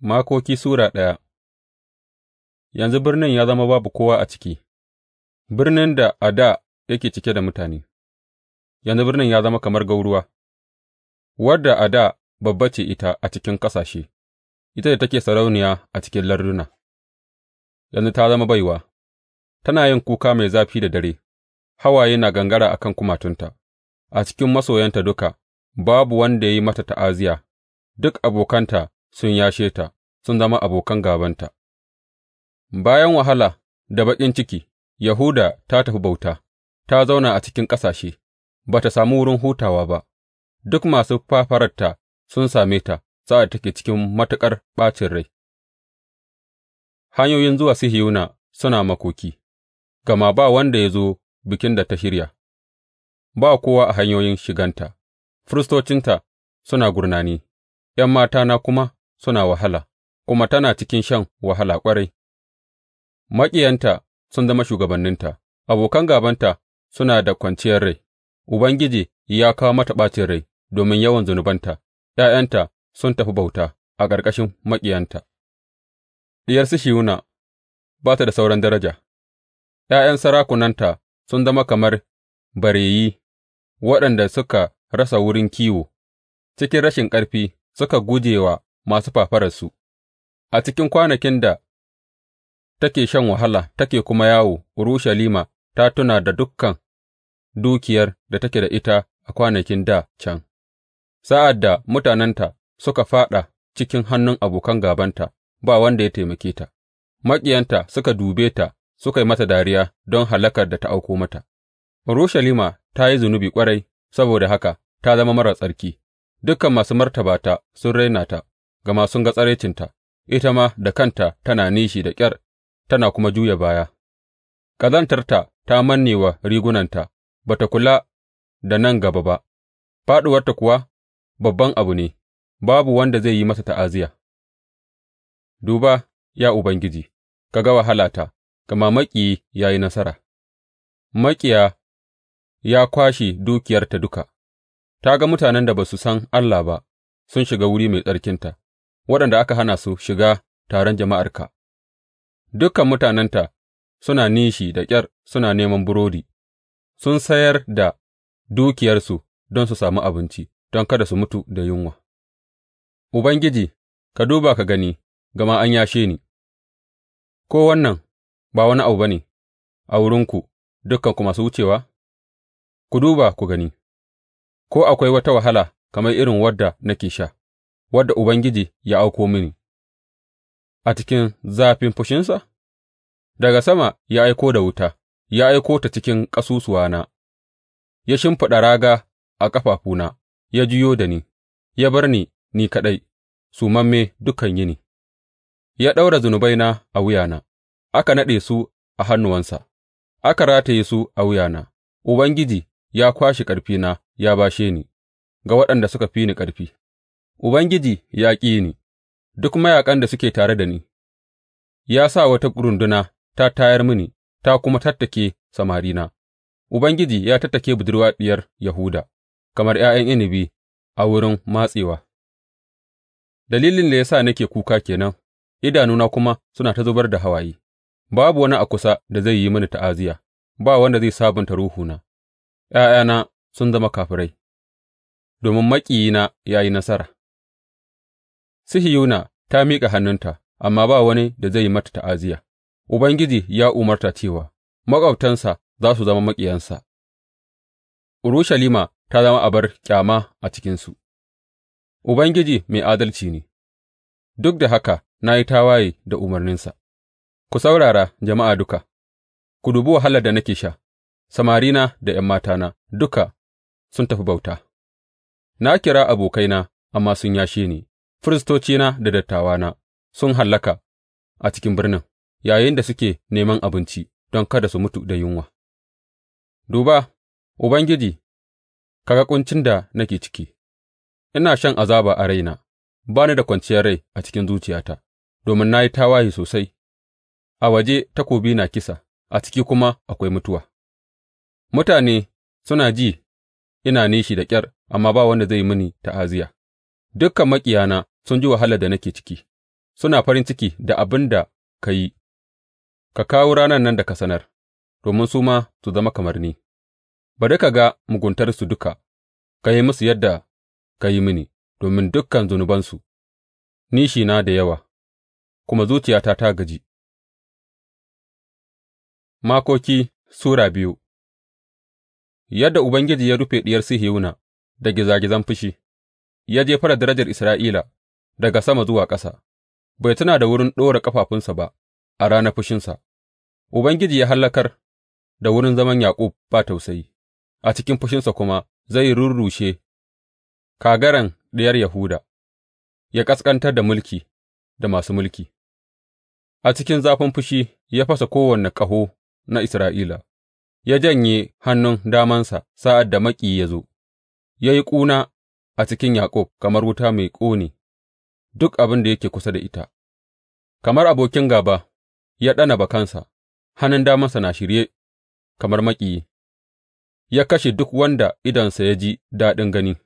Makoki Sura ɗaya Yanzu birnin ya zama babu kowa a ciki, birnin da a dā yake cike da mutane, yanzu birnin ya zama kamar gauruwa, wadda a da babba ce ita a cikin ƙasashe, ita da take sarauniya a cikin larduna, yanzu ta zama baiwa, tana yin kuka mai zafi da dare, hawaye na gangara a kan kumatunta, a cikin masoyanta duka, babu wanda ya yi mata ta'aziya. duk abokanta. sun yashe ta sun zama abokan gābanta, bayan wahala da baƙin ciki, Yahuda ta tafi bauta, ta zauna a cikin ƙasashe, ba ta sami wurin hutawa ba, duk masu fafararta sun same ta sa'ad da take cikin matuƙar ɓacin rai. Hanyoyin zuwa sihiyuna suna makoki, gama ba wanda ya zo bikin da ta shirya, ba kowa a hanyoyin shiganta, firistocinta suna gurnani, ’yan matana kuma suna wahala, kuma tana cikin shan wahala ƙwarai; maƙiyanta sun zama shugabanninta, abokan gābanta suna da kwanciyar rai, Ubangiji ya kawo mata ɓacin rai domin yawan zunubanta, ’ya'yanta sun tafi bauta a ƙarƙashin maƙiyanta. Diyar Sihiyona ba ta da sauran daraja, ’ya'yan sarakunanta sun zama kamar bareyi waɗanda suka rasa wurin kiwo, cikin rashin ƙarfi suka guje wa masu fafararsu, a cikin kwanakin da take shan wahala take kuma yawo, Urushalima ta tuna da dukkan dukiyar da take da ita a kwanakin da can, sa'ad da mutanenta suka fāɗa cikin hannun abokan gabanta, ba wanda ya taimake ta, maƙiyanta suka dube ta suka yi mata dariya don halakar da ta auko mata. Urushalima ta yi zunubi ƙwarai, saboda haka ta zama marar tsarki, dukan masu martaba ta sun raina ta, gama sun ga tsiraicinta, ita ma da kanta tana nishi da ƙyar, tana kuma juya baya. Ƙazantarta ta manne wa rigunanta, ba ta kula da nan gaba ba, faɗuwarta kuwa babban abu ne, babu wanda zai yi masa ta'aziya. Duba, ya Ubangiji, ka ga wahalata, gama maƙiyi ya yi nasara, maƙiya ya kwashe dukiyarta duka, ta ga mutanen da ba su san Allah ba sun shiga wuri mai tsarkinta. waɗanda aka hana su shiga taron jama'arka, dukan mutanenta suna nishi da ƙyar suna neman burodi, sun sayar da dukiyarsu don su sami abinci, don kada su mutu da yunwa. Ubangiji, ka duba ka gani, gama an yashe ni, ko wannan ba wani abu ba ne a wurinku, dukkanku masu wucewa? Ku duba ku gani, ko akwai wata wahala kamar irin wadda nake sha. wadda Ubangiji ya auko mini a cikin zafin fushinsa? Daga sama ya aiko da wuta, ya aiko ta cikin ƙasusuwana, ya shimfiɗa raga a ƙafafuna, ya juyo da ni, ya bar ni ni kaɗai, sumamme dukan yini, ya ɗaura zunubaina a wuyana, aka naɗe su a hannuwansa, aka rataye su a wuyana, Ubangiji ya kwashe ƙarfina ya bashe ni ga waɗanda suka fi ni ƙarfi. Ubangiji ya ƙi ni, duk mayaƙan da suke tare da ni, ya sa wata runduna ta tayar mini ta kuma tattake samarina; Ubangiji ya tattake budurwa Diyar Yahuda kamar ’ya'yan inabi a wurin matsewa. Dalilin da ya sa nake kuka kenan, idanuna kuma suna ta zubar da hawaye; babu wani a kusa da zai yi mini ta'aziyya, ba wanda zai sabunta ruhuna, ’ya'yana sun zama kafirai, domin maƙiyina ya yi nasara. Sihiyona ta miƙa hannunta, amma ba wani da zai yi mata ta'aziyya; Ubangiji ya umarta cewa maƙwabtansa za su zama maƙiyansa, Urushalima ta zama abar ƙyama a cikinsu Ubangiji mai adalci ne, duk da haka na yi tawaye da umarninsa; ku saurara, jama'a duka, ku dubi wahalar da nake sha, samarina da ’yan matana duka sun tafi bauta; na kira abokaina, amma sun yashe ni. Firistocina da dattawana sun hallaka a cikin birnin yayinda suke neman abinci don kada su mutu da yunwa; duba, Ubangiji, ka ga ƙuncin da nake ciki, ina shan azaba a raina, ba ni da kwanciyar rai a cikin zuciyata, domin na yi tawaye sosai, a waje takobi na kisa, a ciki kuma akwai mutuwa; mutane suna ji ina nishi da ƙyar, amma ba wanda zai mini ta'aziyya. Dukan maƙiyana sun ji wahalar da nake ciki, suna farin ciki da abin da ka yi, ka kawo ranar nan da ka sanar, domin su ma su zama kamar ni. Bari ka ga muguntarsu duka, ka yi musu yadda ka yi mini, domin dukan zunubansu, nishina da yawa, kuma zuciyata ta gaji. Makoki Sura biyu Yadda Ubangiji ya rufe Diyar Sihiyona da gizagizan fushi. ya jefar da darajar Isra'ila daga sama zuwa ƙasa, bai tuna da wurin ɗora ƙafafunsa ba a ranar fushinsa, Ubangiji ya hallakar da wurin zaman Yaƙub ba tausayi, a cikin fushinsa kuma zai rurrushe kagaran ɗiyar Yahuda, ya ƙasƙantar da mulki da masu mulki, a cikin zafin fushi ya fasa kowane ƙaho na Isra'ila, ya janye hannun damansa sa'ad da maƙiyi ya zo, ya yi ƙuna a cikin Yaƙub kamar wuta mai ƙone duk abin da yake kusa da ita, kamar abokin gaba. ya ɗana bakansa, hannun damansa na shirye kamar maƙiyi, ya kashe duk wanda idonsa ya ji daɗin gani,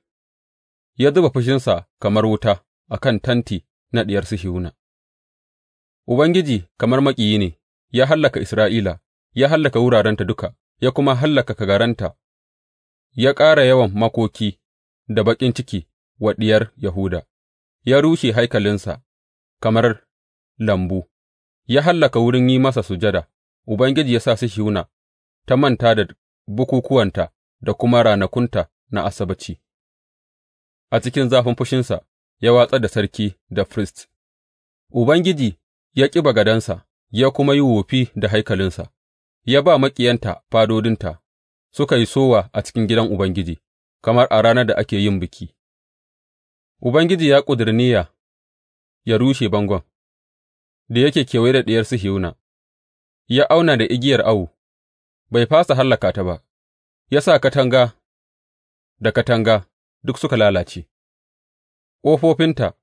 ya zuba fushinsa kamar wuta a kan tanti na Diyar Sihiyona. Ubangiji kamar maƙiyi ne, ya hallaka Isra'ila, ya hallaka wurarenta duka, ya kuma hallaka kagaranta, ya ƙara yawan makoki da baƙin ciki wa diyar Yahuda, ya rushe haikalinsa kamar lambu, ya hallaka wurin yi masa sujada, Ubangiji ya sa Sihiyona ta manta da bukukuwanta da kuma ranakunta na Asabbaci. A cikin zafin fushinsa ya watsa da sarki da firist, Ubangiji ya ƙi bagadansa ya kuma yi wofi da haikalinsa, ya ba maƙiyanta fadodinta, suka yi sowa a cikin gidan Ubangiji. kamar a ranar da ake yin biki, Ubangiji ya ƙudiri niyya ya rushe bangon da yake kewaye da Diyar Sihiyona, ya auna da igiyar awo, bai fasa hallaka ta ba, ya sa katanga da katanga duk suka lalace, ƙofofinta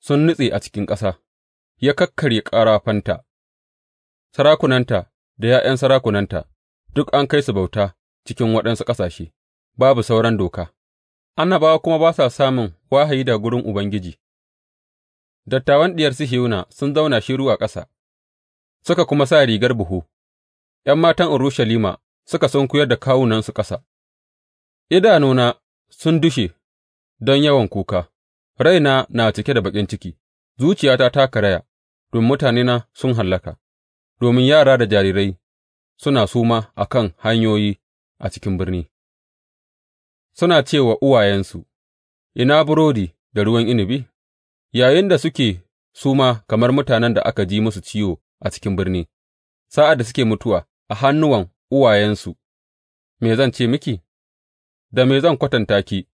sun nutse a cikin ƙasa, ya kakkarye ƙarafanta, sarakunanta da ’ya'yan sarakunanta duk an kai su bauta cikin waɗansu ƙasashe. babu sauran doka, annabawa kuma ba sa samun wahayi da gurin Ubangiji, dattawan Diyar Sihiyuna sun zauna shiru a ƙasa, suka kuma sa rigar buhu, ’yan matan Urushalima suka kuyar da kawunansu ƙasa, idanuna sun dushe don yawan kuka, raina na cike da baƙin ciki, zuciyata ta karaya, domin mutanena sun hallaka, domin yara da jarirai suna suma a kan hanyoyi a cikin birni. suna ce wa uwayensu, Ina burodi da ruwan inabi, yayinda suke suma kamar mutanen da aka ji musu ciwo a cikin birni, sa'ad da suke mutuwa a hannuwan uwayensu, me zan ce miki, da me zan kwatanta ki,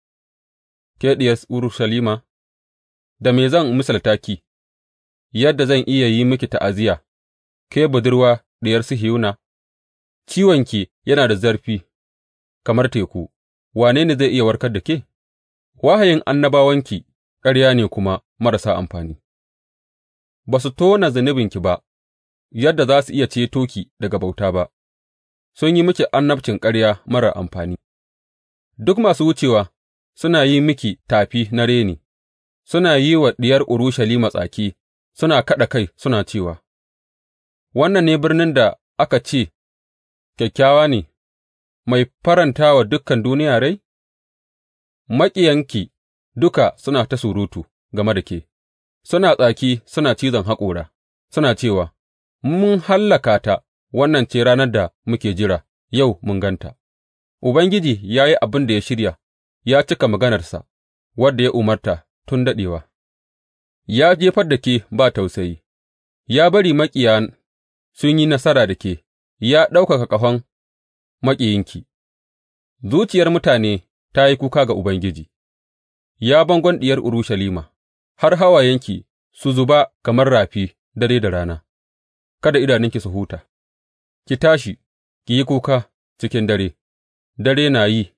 ke ɗiyar Urushalima, da me zan misalta ki, yadda zan iya yi miki ta'aziyya, ke budurwa ɗiyar diyar Sihiyona, ciwonki yana da zarfi kamar teku. wane ne zai iya warkar da ke, wahayin annabawanki ƙarya ne kuma marasa amfani, ba su tona zunubinki ba, yadda za su iya ceto ki daga bauta ba, sun yi miki annabcin ƙarya marar amfani, duk masu wucewa suna yi miki tafi na reni, suna yi wa diyar Urushalima tsaki, suna kaɗa kai suna cewa, Wannan ne birnin da aka ce, kyakkyawa ne mai faranta wa dukan duniya rai? Maƙiyanki duka suna ta surutu game da ke, suna tsaki suna cizon haƙora, suna cewa, Mun hallaka ta, wannan ce ranar da muke jira, yau mun ganta. Ubangiji ya yi abin da ya shirya, ya cika maganarsa, wadda ya umarta tun daɗewa. Ya jefar da ke ba tausayi, ya bari maƙiyan sun yi nasara da ke, ya ɗaukaka ƙahon maƙiyinki, zuciyar mutane ta yi kuka ga Ubangiji, ya bangon diyar Urushalima, har hawayenki su zuba kamar rafi dare da rana, kada idanunki su huta, ki tashi, ki yi kuka cikin dare, dare na yi,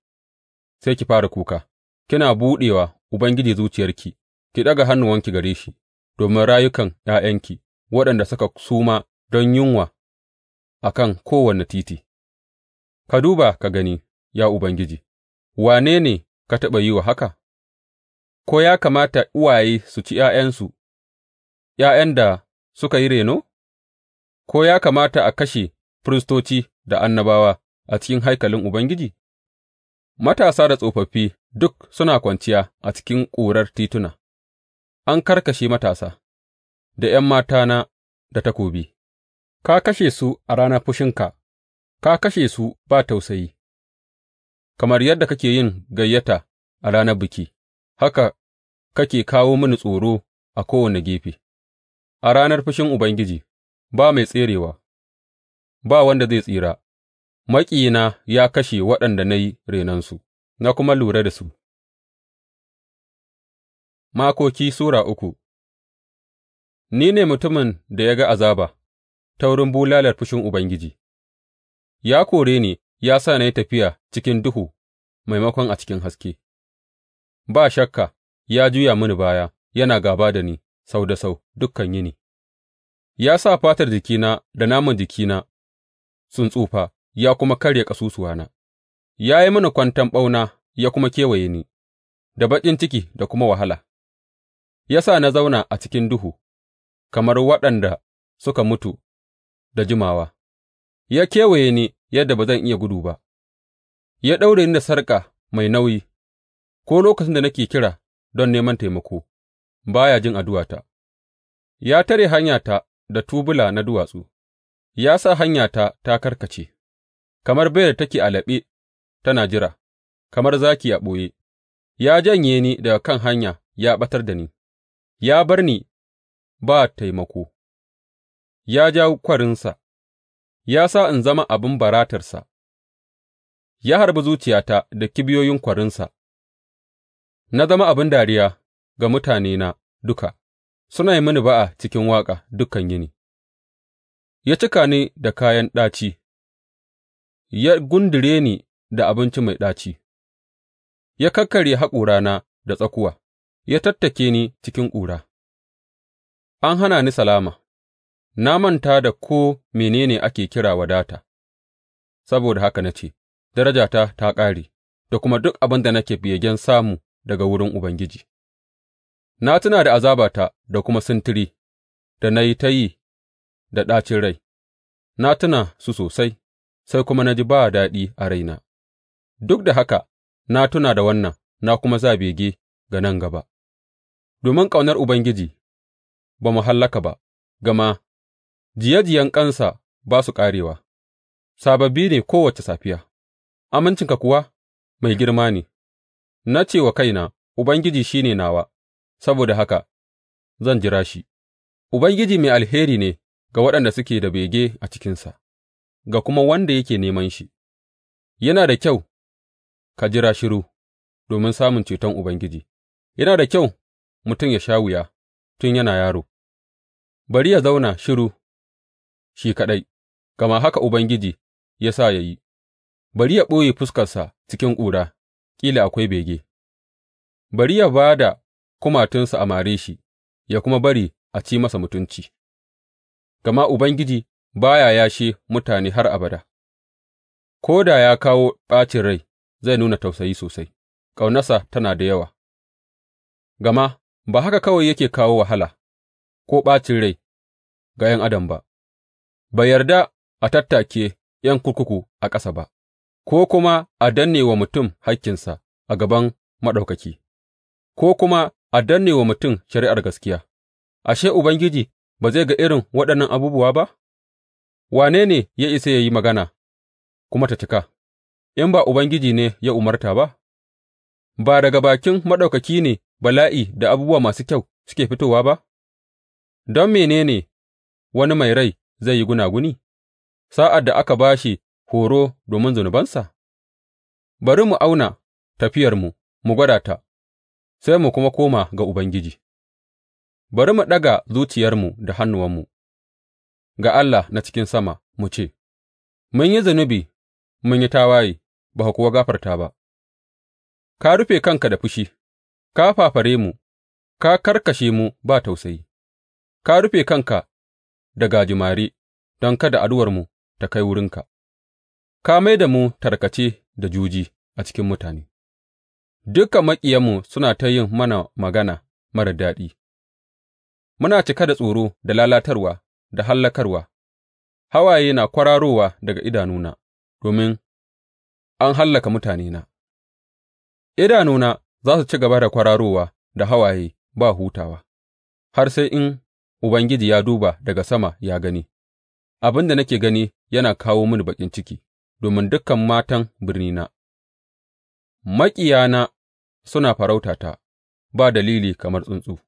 sai ki fara kuka, kina buɗewa Ubangiji zuciyarki, ki ɗaga hannuwanki gare shi, domin rayukan ’ya'yanki waɗanda suka suma don yunwa a kan kowane titi. Ka duba ka gani, ya Ubangiji, wane ne ka taɓa yi wa haka, ko ya kamata uwaye su ci ’ya'yansu, ’ya'yan da suka yi reno, ko ya kamata a kashe firistoci da annabawa a cikin haikalin Ubangiji, matasa da tsofaffi duk suna kwanciya a cikin ƙurar tituna, an karkashe matasa da ’yan matana da takobi, ka kashe su a ranar fushinka. ka kashe su ba tausayi, kamar yadda kake yin gayyata a ranar biki, haka kake kawo mini tsoro a kowane gefe, a ranar fushin Ubangiji ba mai tserewa, ba wanda zai tsira, maƙiyina ya kashe waɗanda na yi renonsu, na kuma lura da su. Makoki Sura uku Ni ne mutumin da ya ga azaba ta wurin bulalar fushin Ubangiji. ya kore ni ya sa na yi tafiya cikin duhu maimakon a cikin haske; ba shakka ya juya mini baya yana gāba da ni sau da sau dukan yini; ya sa fatar jikina da naman jikina sun tsufa ya kuma karya ƙasusuwana; ya yi mini kwanton ɓauna ya kuma kewaye ni da baƙin ciki da kuma wahala, ya sa na zauna a cikin duhu kamar waɗanda suka mutu da jimawa. ya kewaye ni yadda ba zan iya gudu ba, ya ɗaure ni da sarƙa mai nauyi, ko lokacin da nake kira don neman taimako, ba ya jin addu'ata, ya tare hanyata da tubula na duwatsu, ya sa hanyata ta karkace, kamar da take a laɓe tana jira, kamar zaki a ɓoye, ya janye ni daga kan hanya ya ɓatar da ni, ya bar ni ba taimako, ya jawo kwarinsa ya sa in zama abin baratarsa, ya harbi zuciyata da kibiyoyin kwarinsa, na zama abin dariya ga mutanena duka, suna yi mini ba'a cikin waƙa dukan yini, ya cika ni da kayan ɗaci, ya gundure ni da abinci mai ɗaci, ya kakkarye haƙorana da tsakuwa, ya tattake ni cikin ƙura, an hana ni salama. na manta da ko mene ne ake kira wadata, saboda haka na ce, Darajata ta ƙare, da kuma duk abin da nake begen samu daga wurin Ubangiji. Na tuna da azabata da kuma sintiri da na yi ta yi da ɗacin rai, na tuna su sosai, sai kuma na ji ba daɗi a raina, duk da haka na tuna da wannan na kuma za bege ga nan gaba, domin ƙaunar Ubangiji ba mu hallaka ba, gama jiyejiyen ƙansa ba su ƙarewa, sababbi ne kowace safiya, amincinka kuwa mai girma ne, na ce wa kaina, Ubangiji shi ne nawa, saboda haka zan jira shi, Ubangiji mai alheri ne ga waɗanda suke da bege a cikinsa, ga kuma wanda yake neman shi, yana da kyau ka jira shiru domin samun ceton Ubangiji, yana da kyau mutum ya sha wuya tun yana yaro, bari ya zauna shiru shi kaɗai, gama haka Ubangiji ya sa ya yi, bari ya ɓoye fuskarsa cikin ƙura, ƙila akwai bege, bari ya ba da kumatunsa a mare shi, ya kuma bari a ci masa mutunci, gama Ubangiji ba ya yashe mutane har abada, ko da ya kawo ɓacin rai zai nuna tausayi sosai, ƙaunarsa tana da yawa, gama ba haka kawai yake kawo wahala ko ɓacin rai ga ’yan adam ba. bai yarda a tattake ’yan kurkuku a ƙasa ba ko kuma a danne wa mutum hakkinsa a gaban Maɗaukaki, ko kuma a danne wa mutum shari'ar gaskiya, ashe, Ubangiji ba zai ga irin waɗannan abubuwa ba? Wane ne ya isa ya yi magana kuma ta cika, in ba Ubangiji ne ya umarta ba? Ba daga bakin Maɗaukaki ne bala'i da abubuwa masu kyau suke fitowa ba? Don mene ne wani mai rai zai yi gunaguni sa'ad da aka ba shi horo domin zunubansa? Bari mu auna tafiyarmu mu gwada ta, sai mu kuma koma ga Ubangiji; bari mu ɗaga zuciyarmu da hannuwanmu ga Allah na cikin sama mu ce, Mun yi zunubi, mun yi tawaye, ba ka kuwa gafarta ba, ka rufe kanka da fushi, ka fafare mu, ka karkashe mu ba tausayi, ka rufe kanka da gajimare don kada addu'armu ta kai wurinka; ka mai da mu tarkace da juji a cikin mutane, dukan maƙiyanmu suna ta yin mana magana marar daɗi, muna cika da tsoro da lalatarwa da hallakarwa, hawaye na kwararowa daga idanuna domin an hallaka mutanena, idanuna za su ci gaba da kwararowa da hawaye ba hutawa har sai in Ubangiji ya duba daga sama ya gani, abin da nake gani yana kawo mini baƙin ciki domin dukan matan birnina, maƙiyana suna farautata ba dalili kamar tsuntsu,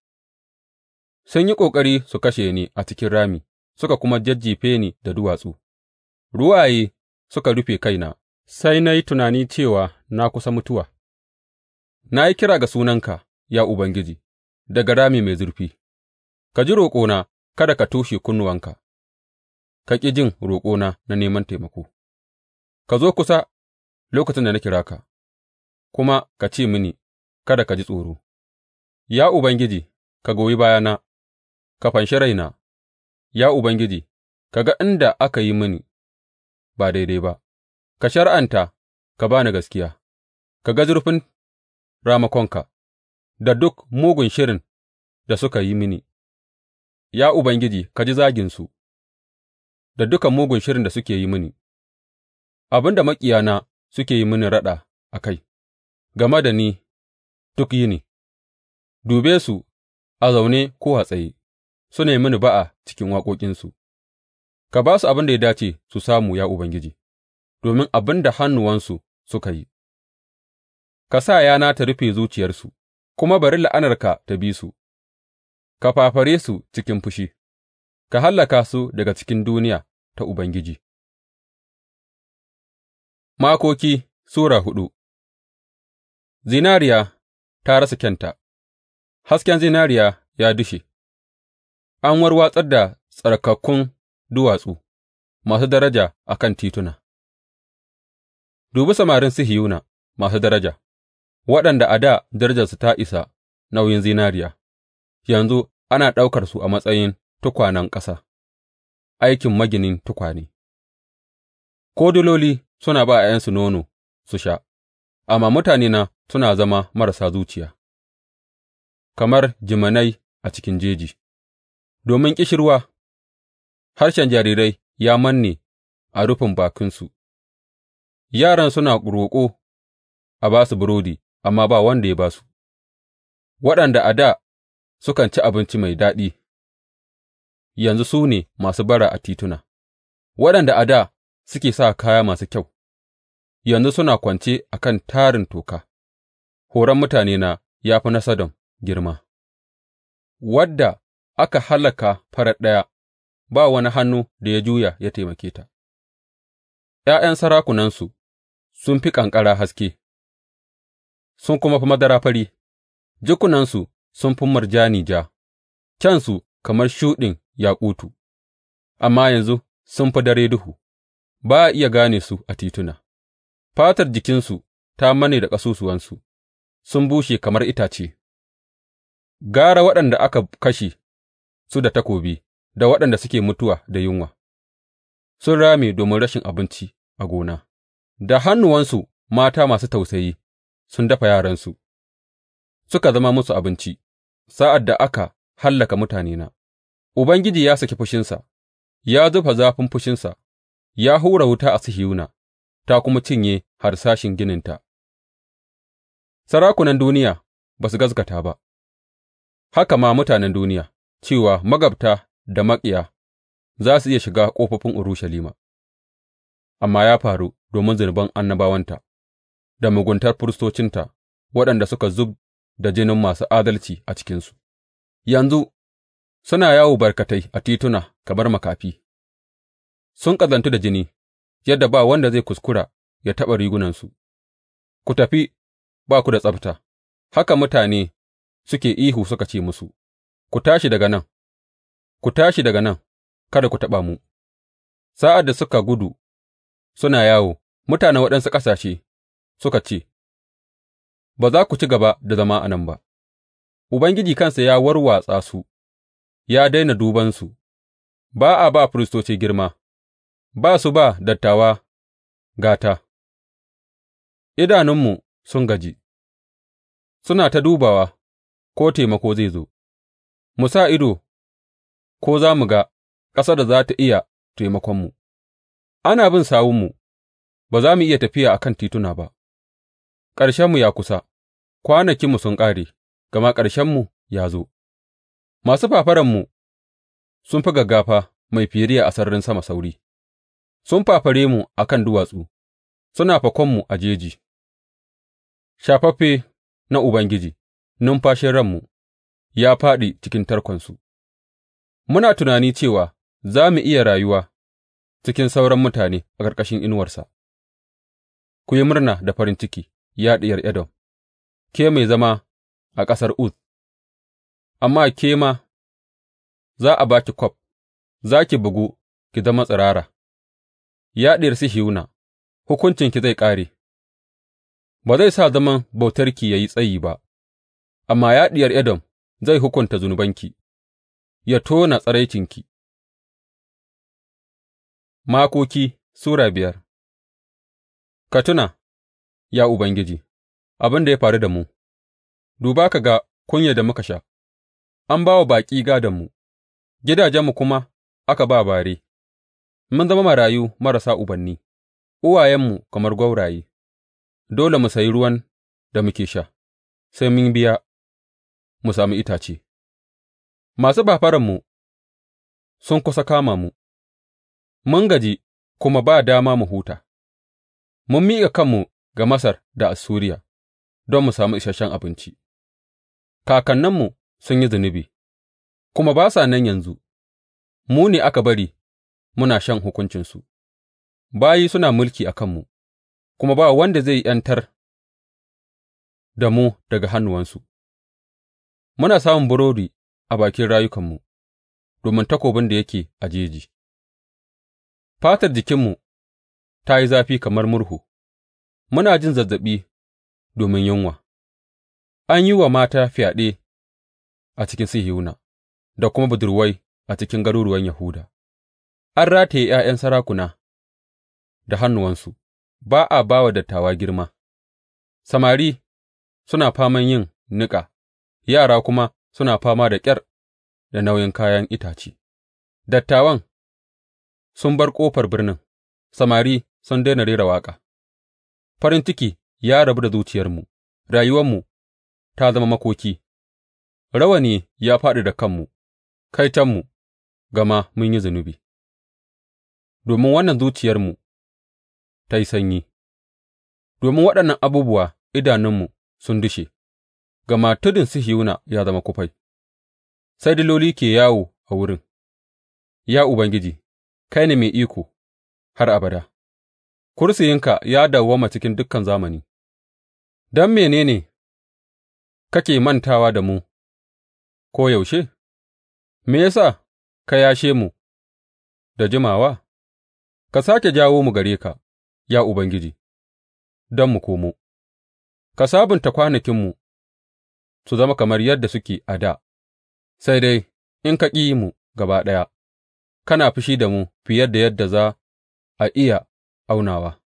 sun yi ƙoƙari su kashe ni a cikin rami suka kuma jajjefe ni da duwatsu, ruwaye suka rufe kaina, sai na yi tunani cewa na kusa mutuwa, na yi kira ga sunanka, ya Ubangiji, daga rami mai zurfi. Ka ji roƙona kada ka toshe kunnuwanka ka ƙi jin roƙona na neman taimako; ka zo kusa lokacin da na kira ka kuma ka ce mini, Kada ka ji tsoro; Ya Ubangiji, ka goyi bayana, ka fanshi raina; Ya Ubangiji, ka ga inda aka yi mini ba daidai ba, ka shari'anta ka ba ni gaskiya; ka ga zurfin ramakonka da duk mugun shirin da suka yi mini. Ya Ubangiji, ka ji zaginsu da dukan mugun shirin da suke yi mini, abin da maƙiyana suke yi mini raɗa a kai game da ni duk yini, dube su a zaune ko a tsaye, suna yi mini ba'a cikin waƙoƙinsu, ka ba su abin da ya dace su samu, ya Ubangiji, domin abin da hannuwansu suka yi, ka sa yana ta rufe zuciyarsu, kuma bari la'anarka ta bi su. ka fafare su cikin fushi, ka hallaka su daga cikin duniya ta Ubangiji. Makoki Sura hudu Zinariya ta rasa kyanta, hasken zinariya ya dushe, an warwatsar da tsarkakkun duwatsu masu daraja a kan tituna. Dubi samarin sihiyuna masu daraja, waɗanda a da darajarsu ta isa nauyin zinariya. yanzu ana ɗaukarsu a matsayin tukwanen ƙasa, aikin maginin tukwane, ko diloli suna ba ’ya'yansu nono su sha, amma mutanena suna zama marasa zuciya, kamar jimanai a cikin jeji, domin ƙishirwa, harshen jarirai ya manne a rufin bakinsu, yaran suna roƙo a ba su burodi, amma ba wanda ya ba su, waɗanda a dā sukan ci abinci mai daɗi, yanzu su ne masu bara a tituna, waɗanda a da suke sa kaya masu kyau, yanzu suna kwance a kan tarin toka, horon mutanena ya fi na Sodom girma, wadda aka halaka farar ɗaya, ba wani hannu da ya juya ya taimake ta. ’Ya'yan sarakunansu sun fi ƙanƙara haske, sun kuma fi madara fari, jikunansu sun fi murjani ja, kyansu kamar shuɗin yaƙutu. amma yanzu sun fi dare duhu, ba a iya gane su a tituna, fatar jikinsu ta mane da ƙasusuwansu, sun bushe kamar itace. Gara waɗanda aka kashe su da takobi da waɗanda suke mutuwa da yunwa, sun rame domin rashin abinci a gona, da hannuwansu mata masu tausayi sun dafa yaransu. suka zama musu abinci sa'ad da aka hallaka mutanena, Ubangiji ya saki fushinsa, ya zufa zafin fushinsa, ya hura wuta a sihiyuna ta kuma cinye harsashin gininta. Sarakunan duniya ba su gaskata ba, haka ma mutanen duniya, cewa magabta da maƙiya za su iya shiga ƙofofin Urushalima, amma ya faru domin zunuban annabawanta da muguntar firistocinta waɗanda suka zub da jinin masu adalci a cikinsu, yanzu suna yawo barkatai a tituna kamar makafi, sun ƙazantu da jini, yadda ba wanda zai kuskura ya taɓa rigunansu, ku tafi ba ku da tsabta, haka mutane suke ihu suka ce musu, Ku tashi daga nan, ku tashi daga nan, kada ku taɓa mu, sa'ad da suka gudu suna yawo, mutanen waɗansu ƙasashe suka ce, ba za ku ci gaba da zama a nan ba, Ubangiji kansa ya warwatsa su, ya daina dubansu, ba a ba firistoci girma, ba su ba dattawa gata, idanunmu sun gaji, suna ta dubawa ko taimako zai zo, mu sa ido ko za mu ga ƙasa da za ta iya taimakonmu, ana bin sawunmu, ba za mu iya tafiya a kan tituna ba. Ƙarshenmu ya kusa, kwanakinmu sun ƙare, gama ƙarshenmu ya zo; masu fafararmu sun fi gaggafa mai firiya a sararin sama sauri, sun fafare mu a kan duwatsu suna fakonmu a jeji, shafaffe na Ubangiji, numfashin ranmu, ya fāɗi cikin tarkonsu, muna tunani cewa za mu iya rayuwa cikin sauran mutane a ƙarƙashin inuwarsa, ku yi murna da farin ciki. ya Diyar Edom, ke mai zama a ƙasar Uz, amma ke ma za a ba ki kwaf, za ki bugu ki zama tsirara, ya Diyar Sihiyuna, hukuncinki zai ƙare, ba zai sa zaman bautarki ya yi tsayi ba, amma ya Diyar Edom zai hukunta zunubanki, ya tona tsiraicinki. Makoki Sura biyar Ka tuna, ya Ubangiji, abin da ya faru da mu, duba ka ga kunyar da muka sha, an ba wa baƙi gādonmu, gidajenmu kuma aka ba bare, mun zama marayu marasa ubanni, uwayenmu kamar gwauraye, dole mu sayi ruwan da muke sha, sai mun biya mu sami itace. Masu bafaranmu sun kusa kama mu, mun gaji kuma ba dama mu huta, mun miƙa kanmu ga Masar da Assuriya don mu sami isasshen abinci, kakanninmu sun yi zunubi kuma ba sa nan yanzu, mu ne aka bari muna shan hukuncinsu, bayi suna mulki a kanmu, kuma ba wanda zai ’yantar da mu daga hannuwansu, muna samun burodi a bakin rayukanmu domin takobin da yake a jeji, fatar jikinmu ta yi zafi kamar murhu. Muna jin zazzaɓi domin yunwa; an yi wa mata fyaɗe a cikin Sihiyona da kuma budurwai a cikin garuruwan Yahuda; an rataye ’ya'yan sarakuna da hannuwansu, ba a ba wa dattawa girma, samari suna faman yin niƙa yara kuma suna fama da ƙyar da nauyin kayan itace; dattawan sun bar ƙofar birnin, samari sun daina rera waƙa. Farin ciki ya rabu da zuciyarmu, rayuwarmu ta zama makoki; rawani ya fāɗi da kanmu, kaitonmu, gama mun yi zunubi, domin wannan zuciyarmu ta yi sanyi, domin waɗannan abubuwa idanunmu sun dushe, gama tudun Sihiyona ya zama kufai, sai diloli ke yawo a wurin; Ya Ubangiji, kai ne mai iko har abada. kursiyinka ya dawwama cikin dukan zamani, don mene ne kake mantawa da mu ko yaushe? Me ya sa ka yashe mu da jimawa? Ka sāke jawo mu gare ka, ya Ubangiji, don mu komo, ka sabunta kwanakinmu su zama kamar yadda suke a da, sai dai in ka ƙi mu gaba ɗaya, kana fushi da mu fiye da yadda za a iya Aunawa.